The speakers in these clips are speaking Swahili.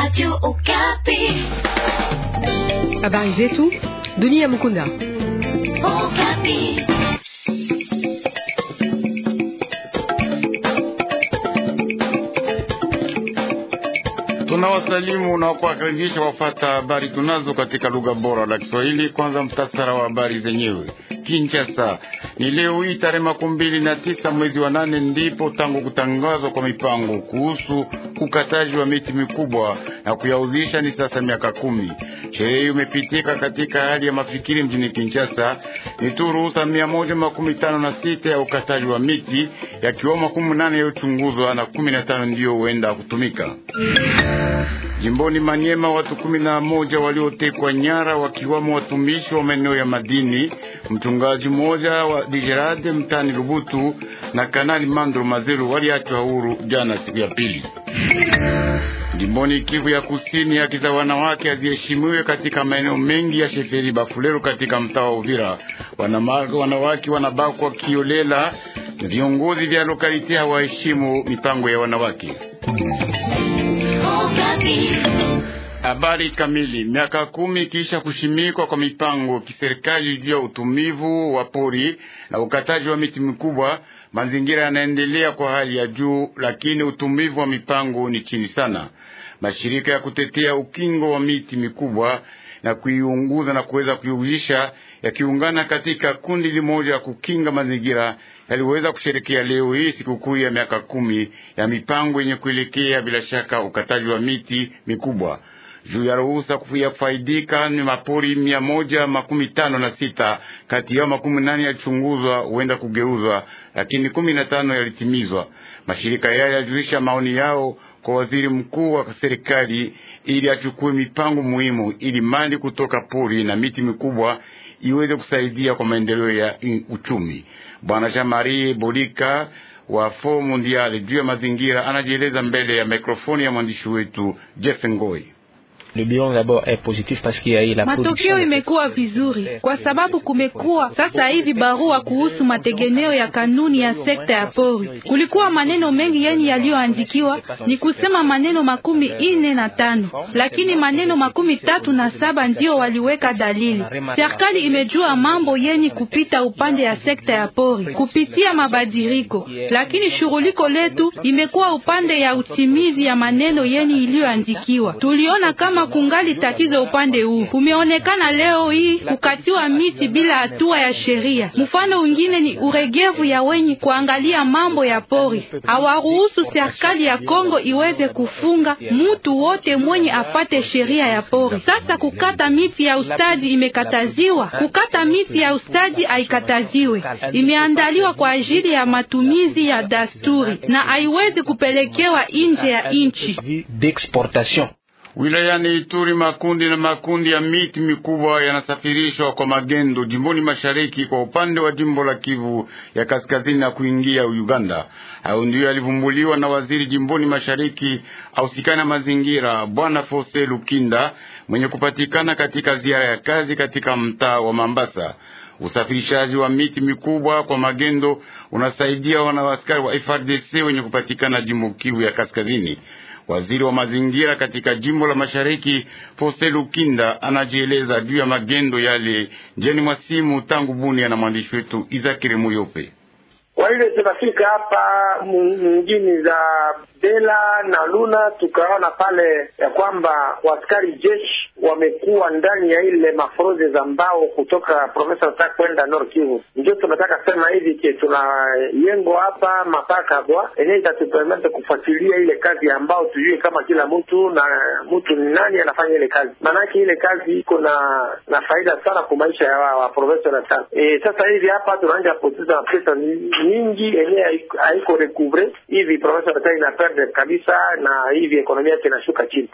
Radio Okapi. Habari zetu dunia Mukunda. Okapi. Tunawasalimu na kuwakaribisha wafata habari tunazo katika lugha bora la Kiswahili. Kwanza mtasara wa habari zenyewe. Kinshasa ni leo hii tarehe makumi mbili na tisa mwezi wa nane ndipo tangu kutangazwa kwa mipango kuhusu ukataji wa miti mikubwa na kuyauzisha ni sasa miaka kumi. Sherehe hiyo imepitika katika hali ya mafikiri mjini Kinshasa. Ni tu ruhusa mia moja makumi tano na sita ya ukataji wa miti yakiwemo makumi nane yaliyochunguzwa na kumi na tano ndiyo huenda kutumika. Jimboni Manyema watu kumi na moja waliotekwa nyara wakiwamo watumishi wa maeneo ya madini, mchungaji mmoja wa Dijerade mtani Lubutu na kanali Mandro Mazelu waliachwa huru jana siku ya pili. Jimboni Kivu ya Kusini, haki za wanawake haziheshimiwe katika maeneo mengi ya Sheferi Bafuleru katika mtaa wa Uvira. Wanawake wanabakwa kiolela, viongozi vya lokalite hawaheshimu mipango ya wanawake. Habari kamili. Miaka kumi kisha kushimikwa kwa mipango kiserikali juu ya utumivu wa pori na ukataji wa miti mikubwa, mazingira yanaendelea kwa hali ya juu, lakini utumivu wa mipango ni chini sana. Mashirika ya kutetea ukingo wa miti mikubwa na kuiunguza na kuweza kuiuzisha yakiungana katika kundi limoja ya kukinga mazingira yaliweza kusherekea leo hii sikukuu ya miaka kumi ya mipango yenye kuelekea bila shaka ukataji wa miti mikubwa juu ya ruhusa ya kufaidika ni mapori mia moja makumi tano na sita kati yao makumi nane yalichunguzwa huenda kugeuzwa, lakini kumi na tano yalitimizwa. Mashirika yayo yalijulisha maoni yao kwa waziri mkuu wa serikali ili achukue mipango muhimu ili mali kutoka pori na miti mikubwa iweze kusaidia kwa maendeleo ya uchumi. Bwana Jean Marie Bolika wa Fomu Mondiale juu ya mazingira anajieleza mbele ya mikrofoni ya mwandishi wetu Jeff Ngoi. Matokeo imekuwa vizuri kwa sababu kumekuwa sasa hivi barua kuhusu mategeneo ya kanuni ya sekta ya pori. Kulikuwa maneno mengi yani yaliyoandikiwa, ni kusema maneno makumi ine na tano, lakini maneno makumi tatu na saba ndio waliweka dalili. Serikali imejua mambo yenye kupita upande ya sekta ya pori kupitia mabadiriko, lakini shughuliko letu imekuwa upande ya utimizi ya maneno yenye iliyoandikiwa. Tuliona kama kama kungali tatizo upande huu. Umeonekana leo hii kukatiwa miti bila hatua ya sheria. Mfano mwingine ni uregevu ya wenye kuangalia mambo ya pori. Hawaruhusu serikali ya Kongo iweze kufunga mtu wote mwenye afate sheria ya pori. Sasa kukata miti ya ustadi imekataziwa, kukata miti ya ustadi haikataziwe, imeandaliwa kwa ajili ya matumizi ya dasturi na haiwezi kupelekewa nje ya nchi. Wilayani Ituri makundi na makundi ya miti mikubwa yanasafirishwa kwa magendo jimboni mashariki kwa upande wa jimbo la Kivu ya kaskazini na kuingia Uganda. Hayo ndiyo yalivumbuliwa na waziri jimboni mashariki ausikana mazingira, Bwana Fose Lukinda mwenye kupatikana katika ziara ya kazi katika mtaa wa Mambasa. Usafirishaji wa miti mikubwa kwa magendo unasaidia wana askari wa FRDC wenye kupatikana jimbo Kivu ya kaskazini. Waziri wa mazingira katika jimbo la mashariki Faustin Lukinda anajieleza juu ya magendo yale njiani mwa simu tangu Bunia na mwandishi wetu Izakiri Muyope. Kwa ile tunafika hapa mjini za Bela na Luna tukaona pale ya kwamba waskari jeshi wamekuwa ndani ya ile mafroze za mbao kutoka Profesa ta kwenda Nord Kivu. Ndio tunataka sema hivi ke tuna yengo hapa mapaka bwa enye itatupermete kufuatilia ile kazi ambao tujue kama kila mtu na mtu ni nani anafanya ile kazi, maanake ile kazi iko na na faida sana kwa maisha ya wa profesa na E, sasa hivi hapa tunaanja kupoteza pesa nyingi enye haiko recouvre hivi, profesa ta ina perde kabisa, na hivi ekonomia yake inashuka chini.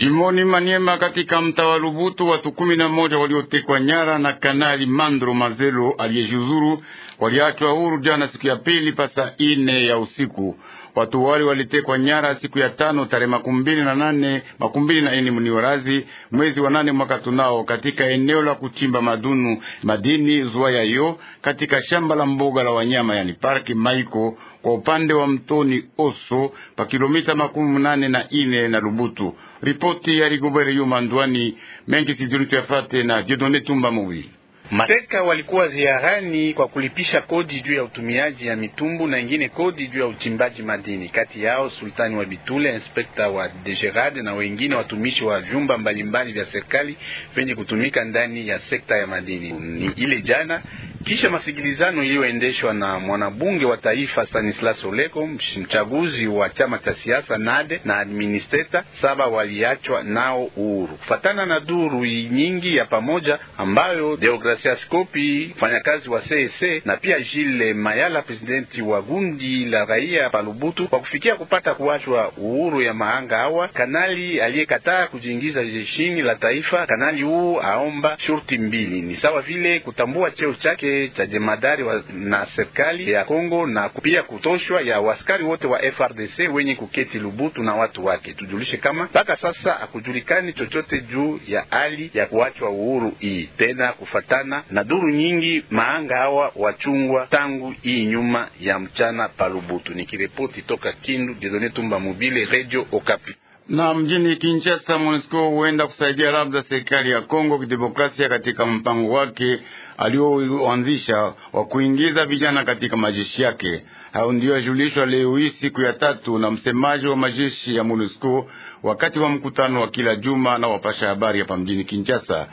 Jimoni Maniema katika mtaa wa Lubutu, watu kumi na moja waliotekwa nyara na Kanali Mandro Mazelo aliyejuzuru waliachwa huru jana siku ya pili pasa ine ya usiku. Watu wale walitekwa nyara siku ya tano tarehe makumi mbili na nane makumi mbili na ine mniwarazi mwezi wa nane mwaka tunao katika eneo la kuchimba madunu madini Zwaya yo katika shamba la mboga la wanyama yani parki Maiko kwa upande wa mtoni Oso pa kilomita makumi munane na ine na Lubutu. Ripoti ya Rigobere Yuma Ndwani mengi sijuni tuyafate na Jedone Tumba Mowili. Mateka walikuwa ziarani kwa kulipisha kodi juu ya utumiaji ya mitumbu na ingine kodi juu ya uchimbaji madini. Kati yao Sultani wa Bitule, inspekta wa Degerade na wengine watumishi wa vyumba mbalimbali vya serikali venye kutumika ndani ya sekta ya madini. Ni ile jana kisha masikilizano iliyoendeshwa na mwanabunge wa taifa Stanislas Oleko, mchaguzi wa chama cha siasa Nade na administrator saba waliachwa nao uhuru, kufatana na duru nyingi ya pamoja ambayo Deogracia Scopi, mfanyakazi wa CEC, na pia Jile Mayala, presidenti wa gundi la raia Palubutu, kwa kufikia kupata kuachwa uhuru ya mahanga hawa. Kanali aliyekataa kujiingiza jeshini la taifa, kanali huu aomba shurti mbili, ni sawa vile kutambua cheo chake kipande cha jemadari na serikali ya Kongo na pia kutoshwa ya waskari wote wa FRDC wenye kuketi Lubutu na watu wake. Tujulishe kama mpaka sasa hakujulikani chochote juu ya hali ya kuachwa uhuru hii tena. Kufatana na duru nyingi, maanga hawa wachungwa tangu hii nyuma ya mchana pa Lubutu. Nikiripoti toka Kindu, Didone Tumba Mobile, Radio Okapi na mjini Kinshasa, MONUSCO huenda kusaidia labda serikali ya Kongo Kidemokrasia katika mpango wake alioanzisha wa kuingiza vijana katika majeshi yake. Hayo ndiyo yajulishwa leo hii siku ya tatu na msemaji wa majeshi ya MONUSCO wakati wa mkutano wa kila juma na wapasha habari hapa mjini Kinshasa.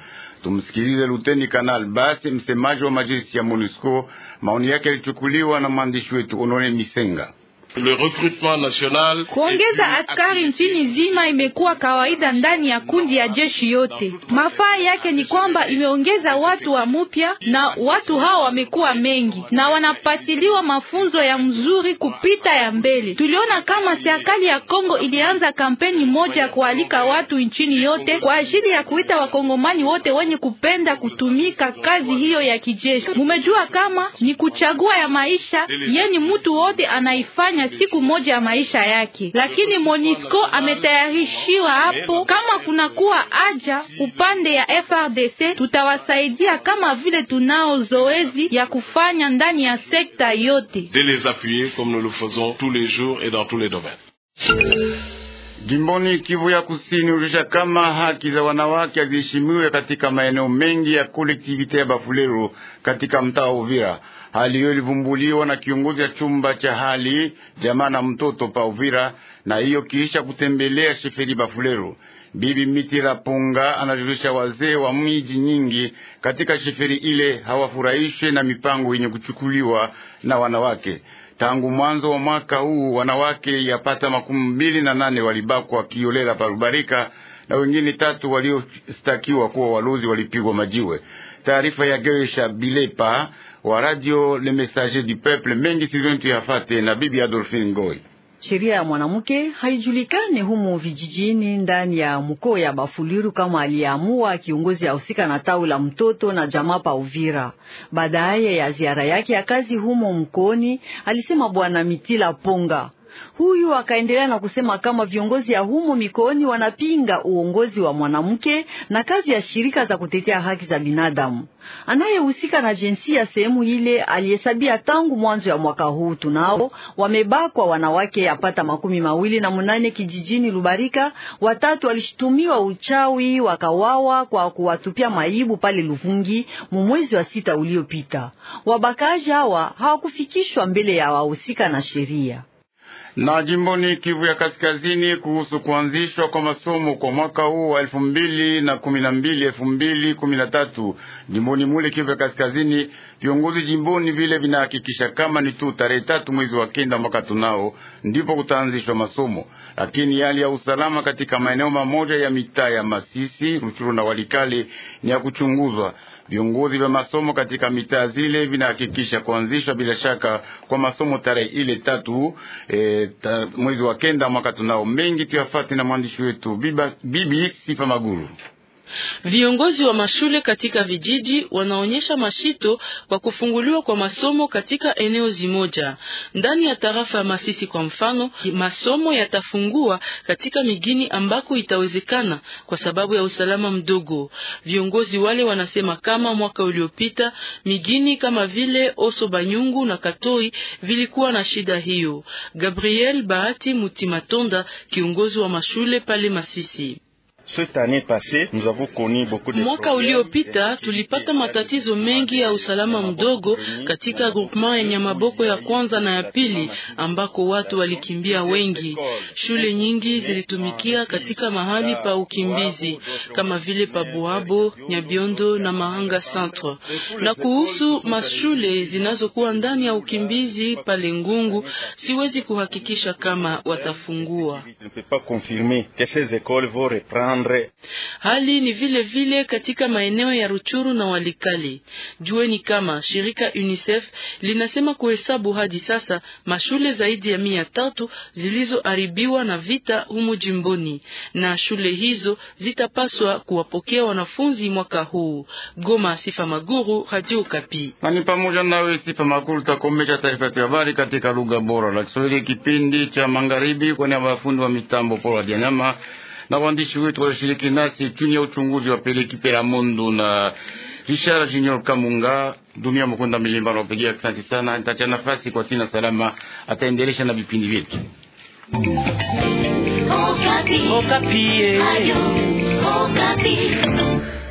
Tumsikilize Luteni Kanal Basi, msemaji wa majeshi ya MONUSCO. Maoni yake yalichukuliwa na mwandishi wetu Onore Misenga. Le recrutement national kuongeza askari nchini nzima imekuwa kawaida ndani ya kundi ya jeshi yote. Mafaa yake ni kwamba imeongeza watu wa mupya, na watu hao wamekuwa mengi na wanapatiliwa mafunzo ya mzuri kupita ya mbele. Tuliona kama serikali ya Kongo ilianza kampeni moja ya kualika watu nchini yote kwa ajili ya kuita wakongomani wote wenye kupenda kutumika kazi hiyo ya kijeshi. Mumejua kama ni kuchagua ya maisha yeni mtu wote anaifanya siku moja ya maisha yake, lakini Monisco ametayarishiwa hapo. Kama kunakuwa haja upande ya FRDC, tutawasaidia kama vile tunao zoezi ya kufanya ndani ya sekta yote. Jimboni Kivu ya Kusini ulisha kama haki za wanawake haziheshimiwe katika maeneo mengi ya kolektivite ya Bafuleru katika mtaa wa Uvira. Hali hiyo ilivumbuliwa na kiongozi ya chumba cha hali jamaa na mtoto pa Uvira, na hiyo kiisha kutembelea Sheferi Bafuleru. Bibi Mitira Punga anajulisha wazee wa miji nyingi katika Sheferi ile hawafurahishwe na mipango yenye kuchukuliwa na wanawake. Tangu mwanzo wa mwaka huu wanawake yapata makumi mbili na nane walibakwa kiolela parubarika na wengine tatu waliostakiwa kuwa walozi walipigwa majiwe. Taarifa ya Geisha Bilepa wa radio Le Messager du Peuple mengi sizoni tuyafate na bibi Adolphine Ngoi. Sheria ya mwanamke haijulikane humo vijijini ndani ya mkoa ya Bafuliru kama aliamua kiongozi ahusika na tawi la mtoto na jamaa pa Uvira. Baadaye ya ziara yake ya kazi humo mkoni alisema Bwana Mitila Ponga Huyu akaendelea na kusema kama viongozi ya humo mikooni wanapinga uongozi wa mwanamke na kazi ya shirika za kutetea haki za binadamu. Anayehusika na jinsia sehemu ile alihesabia tangu mwanzo ya mwaka huu tunao wamebakwa wanawake yapata makumi mawili na munane kijijini Lubarika. Watatu walishtumiwa uchawi wakawawa kwa kuwatupia maibu pale Luvungi mwezi wa sita uliopita. Wabakaji hawa hawakufikishwa mbele ya wahusika na sheria na jimboni Kivu ya Kaskazini kuhusu kuanzishwa kwa masomo kwa mwaka huu wa elfu mbili na kumi na mbili elfu mbili kumi na tatu jimboni mule Kivu ya Kaskazini, viongozi jimboni vile vinahakikisha kama ni tu tarehe tatu mwezi wa kenda mwaka tunao ndipo kutaanzishwa masomo, lakini hali ya usalama katika maeneo mamoja ya mitaa ya Masisi, Ruchuru na Walikale ni ya kuchunguzwa. Viongozi vya masomo katika mitaa zile vinahakikisha kuanzishwa bila shaka kwa masomo tarehe ile tatu e, ta, mwezi wa kenda mwaka tunao mengi tuyafati na mwandishi wetu bibi Sifa Maguru. Viongozi wa mashule katika vijiji wanaonyesha mashito kwa kufunguliwa kwa masomo katika eneo zimoja. Ndani ya tarafa ya Masisi kwa mfano, masomo yatafungua katika migini ambako itawezekana kwa sababu ya usalama mdogo. Viongozi wale wanasema kama mwaka uliopita migini kama vile Oso Banyungu na Katoi vilikuwa na shida hiyo. Gabriel Bahati Mutimatonda, kiongozi wa mashule pale Masisi. Mwaka uliopita tulipata matatizo mengi ya usalama mdogo katika groupement ya Nyamaboko ya kwanza na ya pili, ambako watu walikimbia wengi. Shule nyingi zilitumikia katika mahali pa ukimbizi kama vile Buabo, Nyabiondo na Mahanga Centre. Na kuhusu mashule zinazokuwa ndani ya ukimbizi pale Ngungu, siwezi kuhakikisha kama watafungua. Andre. Hali ni vile vile katika maeneo ya Ruchuru na Walikale. Jueni kama shirika UNICEF linasema kuhesabu hadi sasa mashule zaidi ya mia tatu zilizoharibiwa na vita humu jimboni, na shule hizo zitapaswa kuwapokea wanafunzi mwaka huu. Goma, Sifa Maguru, Radio Na Nani pamoja nawe Sifa Maguru takomesha taarifa ya habari katika lugha bora la Kiswahili, kipindi cha magharibi, kwani wafundi wa mitambo Paul Wadianyama na waandishi wetu walishiriki nasi chini ya uchunguzi wa Pele Pela Mundu na Richard Junior Kamunga. Dunia Mkonda Milimba nawapigia asante sana. Nitaacha nafasi kwa Tina Salama ataendelesha na vipindi vyetu Okapi. Oh, Okapi. Oh, eh.